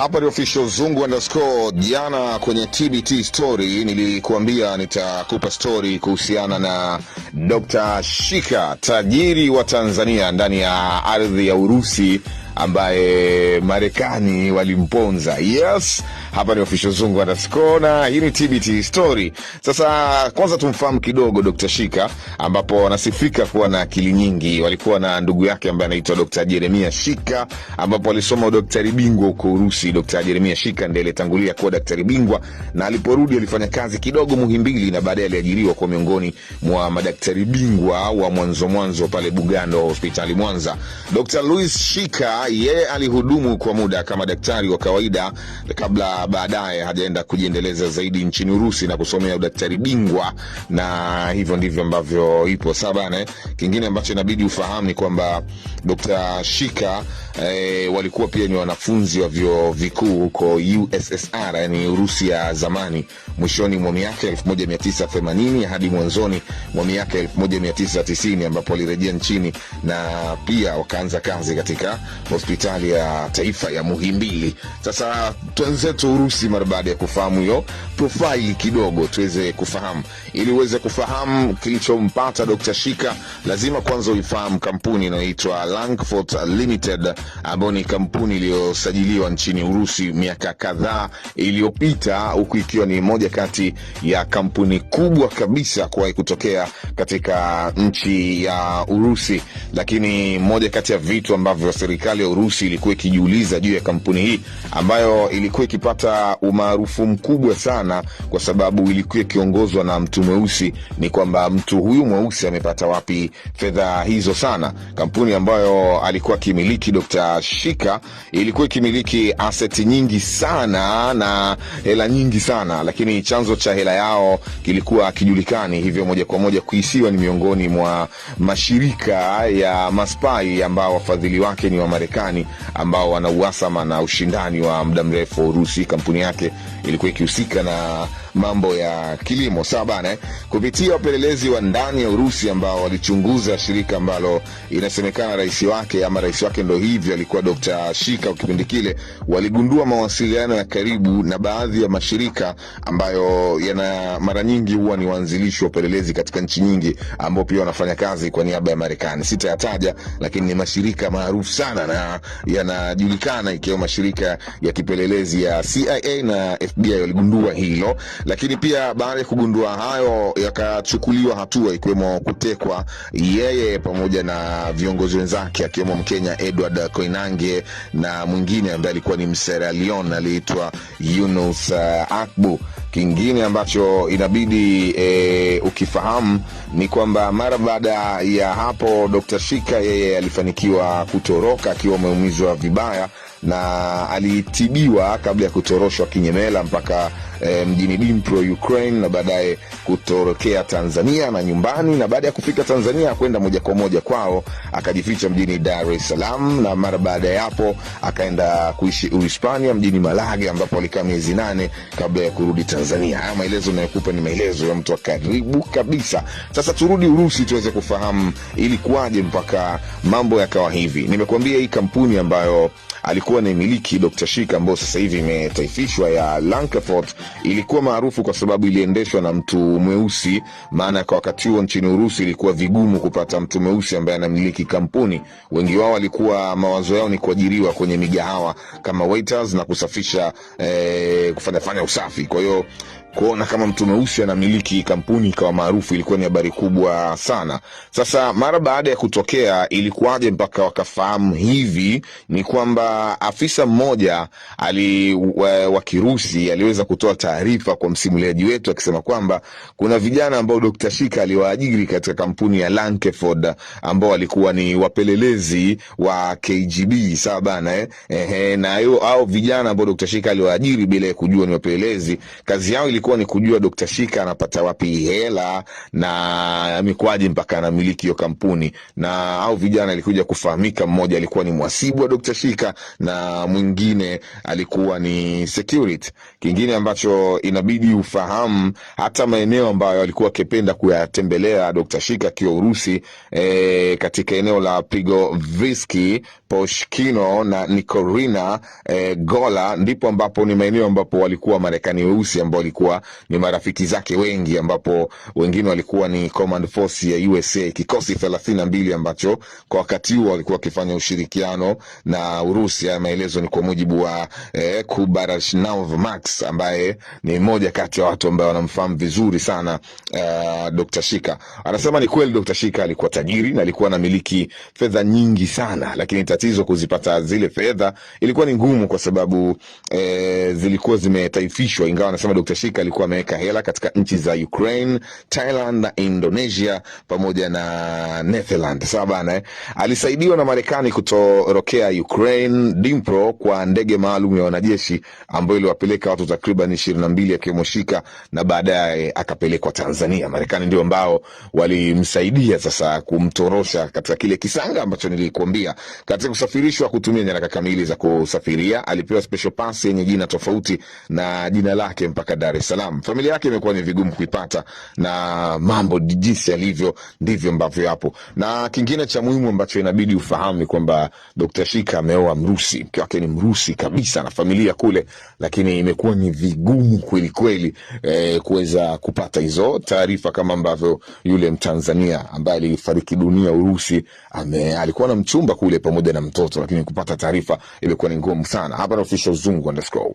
Hapa ni official zungu underscore. Jana kwenye TBT story nilikuambia nitakupa story kuhusiana na Dr. Shika tajiri wa Tanzania ndani ya ardhi ya Urusi ambaye Marekani walimponza. Yes, hapa ni official zungu anasikona. Hii ni TBT story. Sasa kwanza tumfahamu kidogo Dr. Shika, ambapo wanasifika kuwa na akili nyingi. Walikuwa na ndugu yake ambaye anaitwa Dr. Jeremia Shika, ambapo alisoma udaktari bingwa huko Urusi. Dr. Jeremia Shika ndiye aliyetangulia kuwa daktari bingwa, na aliporudi alifanya kazi kidogo Muhimbili, na baadaye aliajiriwa kuwa miongoni mwa madaktari bingwa wa mwanzo mwanzo pale Bugando hospitali Mwanza. Dr. Louis Shika yeye alihudumu kwa muda kama daktari wa kawaida kabla baadaye hajaenda kujiendeleza zaidi nchini Urusi na kusomea udaktari bingwa, na hivyo ndivyo ambavyo ipo. Sabane, kingine ambacho inabidi ufahamu ni kwamba Dr. Shika e, walikuwa pia ni wanafunzi wa vyo vikuu huko USSR, yani Urusi ya zamani, mwishoni mwa miaka 1980 hadi mwanzoni mwa miaka 1990 ambapo walirejea nchini na pia wakaanza kazi katika hospitali ya taifa ya Muhimbili. Sasa twenzetu Urusi, mara baada ya kufahamu hiyo profaili kidogo, tuweze kufahamu. Ili uweze kufahamu kilichompata Dr. Shika, lazima kwanza uifahamu kampuni inayoitwa Langfort Limited, ambayo ni kampuni iliyosajiliwa nchini Urusi miaka kadhaa iliyopita, huku ikiwa ni moja kati ya kampuni kubwa kabisa kuwahi kutokea katika nchi ya Urusi, lakini moja kati ya vitu ambavyo serikali serikali ya Urusi ilikuwa ikijiuliza juu ya kampuni hii ambayo ilikuwa ikipata umaarufu mkubwa sana kwa sababu ilikuwa ikiongozwa na mtu mweusi. Ni kwamba mtu huyu mweusi amepata wapi fedha hizo sana? Kampuni ambayo alikuwa akimiliki Dr. Shika ilikuwa ikimiliki aseti nyingi sana na hela nyingi sana, lakini chanzo cha hela yao kilikuwa kijulikani hivyo moja kwa moja kuhisiwa ni miongoni mwa mashirika ya maspai ambao wafadhili wake ni wa Marekani. Marekani ambao wana uhasama na ushindani wa muda mrefu Urusi. Kampuni yake ilikuwa ikihusika na mambo ya kilimo sawa bana, eh? Kupitia wapelelezi wa ndani ya Urusi ambao walichunguza shirika ambalo inasemekana rais wake ama rais wake ndo hivyo alikuwa Dr. Shika wa kipindi kile, waligundua mawasiliano ya karibu na baadhi ya mashirika ambayo yana mara nyingi huwa ni waanzilishi wa upelelezi katika nchi nyingi ambao pia wanafanya kazi kwa niaba ya Marekani. Sitayataja, lakini ni mashirika maarufu sana na yanajulikana, ikiwa mashirika ya kipelelezi ya CIA na FBI waligundua hilo, lakini pia baada ya kugundua hayo yakachukuliwa hatua, ikiwemo kutekwa yeye pamoja na viongozi wenzake, akiwemo Mkenya Edward Koinange na mwingine ambaye alikuwa ni msera Leone aliitwa Yunus uh, Akbu Kingine ambacho inabidi e, ukifahamu ni kwamba mara baada ya hapo Dr. Shika yeye alifanikiwa kutoroka akiwa ameumizwa vibaya na alitibiwa kabla ya kutoroshwa kinyemela mpaka e, mjini dimpro Ukraine, na baadaye kutorokea Tanzania na nyumbani, na baada ya kufika Tanzania kwenda moja kwa moja kwao akajificha mjini Dar es Salaam, na mara baada ya hapo akaenda kuishi Uhispania mjini Malaga, ambapo alikaa miezi nane kabla ya kurudi Tanzania. Haya maelezo nayokupa ni maelezo ya mtu wa karibu kabisa. Sasa turudi Urusi tuweze kufahamu ilikuwaje mpaka mambo yakawa hivi. Nimekuambia hii kampuni ambayo alikuwa ilikuwa na imiliki Dr. shik ambayo sasa hivi imetaifishwa ya Lancaster, ilikuwa maarufu kwa sababu iliendeshwa na mtu mweusi, maana kwa wakati huo nchini Urusi ilikuwa vigumu kupata mtu mweusi ambaye anamiliki kampuni. Wengi wao walikuwa mawazo yao ni kuajiriwa kwenye migahawa kama waiters na kusafisha eh, kufanya fanya usafi. Kwa hiyo kuona kama mtu mweusi anamiliki kampuni ikawa maarufu, ilikuwa ni habari kubwa sana. Sasa mara baada ya kutokea, ilikuwaje mpaka wakafahamu hivi? Ni kwamba afisa mmoja ali wa Kirusi aliweza kutoa taarifa kwa msimuliaji wetu akisema kwamba kuna vijana ambao Dr. Shika aliwaajiri katika kampuni ya Lankeford ambao walikuwa ni wapelelezi wa KGB. Sawa bana eh? Eh, na hao vijana ambao Dr. Shika aliwaajiri bila ya kujua ni wapelelezi, kazi yao ilikuwa ni kujua Dr. Shika anapata wapi hela na mikwaji mpaka anamiliki hiyo kampuni, na au vijana alikuja kufahamika, mmoja alikuwa ni mwasibu wa Dr. Shika na mwingine alikuwa ni security. Kingine ambacho inabidi ufahamu, hata maeneo ambayo alikuwa akipenda kuyatembelea Dr. Shika akiwa Urusi, e, katika eneo la Prigoviski, Poshkino na Nikorina e, Gola, ndipo ambapo ni maeneo ambapo walikuwa Marekani weusi ambao walikuwa walikuwa ni marafiki zake wengi, ambapo wengine walikuwa ni Command Force ya USA, kikosi thelathini na mbili ambacho kwa wakati huo walikuwa wakifanya ushirikiano na Urusi. Haya maelezo ni kwa mujibu wa eh, Kubarashnov Max ambaye ni mmoja kati ya watu ambao wanamfahamu vizuri sana uh, eh, Dr. Shika anasema ni kweli Dr. Shika alikuwa tajiri na alikuwa anamiliki fedha nyingi sana, lakini tatizo kuzipata zile fedha ilikuwa ni ngumu kwa sababu eh, zilikuwa zimetaifishwa, ingawa anasema Dr. Shika Amerika alikuwa ameweka hela katika nchi za Ukraine, Thailand na Indonesia pamoja na Netherlands. Sawa bana eh? Alisaidiwa na Marekani kutorokea Ukraine Dnipro kwa ndege maalum ya wanajeshi ambayo iliwapeleka watu takriban 22 na akiwemo Shika na baadaye akapelekwa Tanzania. Marekani ndio ambao walimsaidia sasa kumtorosha katika kile kisanga ambacho nilikuambia. Katika kusafirishwa kutumia nyaraka kamili za kusafiria, alipewa special pass yenye jina tofauti na jina lake mpaka Dar es Salaam. Familia yake imekuwa ni vigumu kuipata, na mambo jinsi yalivyo ndivyo ambavyo yapo. Na kingine cha muhimu ambacho inabidi ufahamu ni kwamba Dr. Shika ameoa Mrusi, mke wake ni Mrusi kabisa na familia kule, lakini imekuwa ni vigumu kweli kweli eh, kuweza kupata hizo taarifa kama ambavyo yule Mtanzania ambaye alifariki dunia Urusi ame, alikuwa na mchumba kule pamoja na mtoto, lakini kupata taarifa imekuwa ni ngumu sana. Hapa na official zungu underscore